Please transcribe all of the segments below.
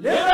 lépp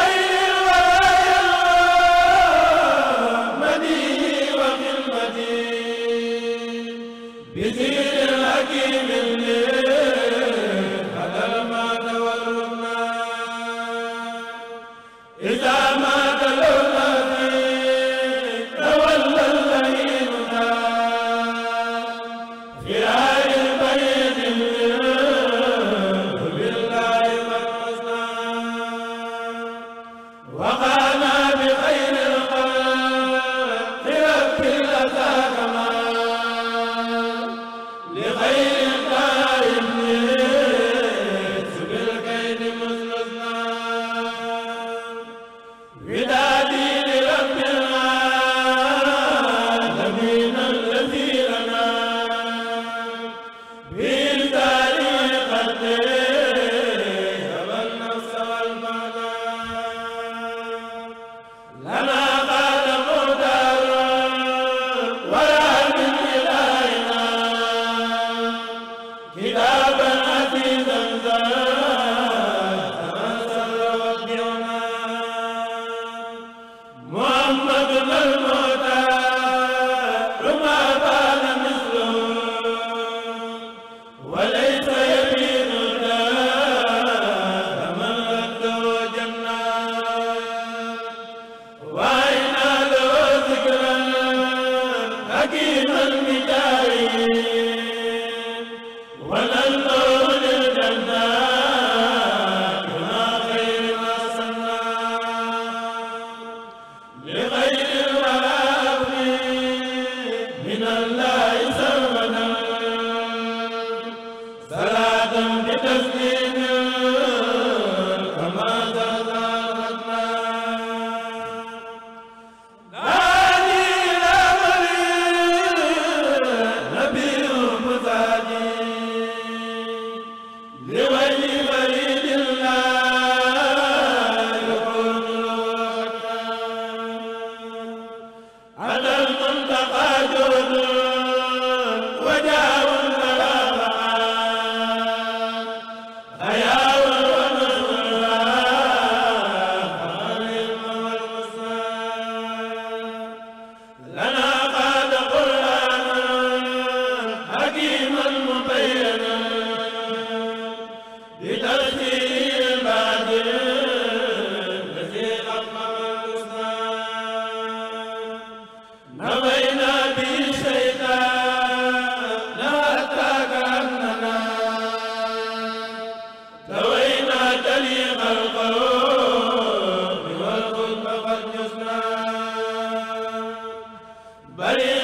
ربنا بل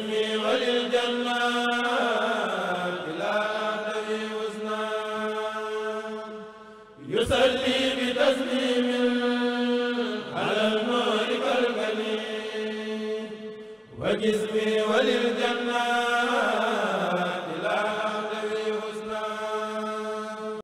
gis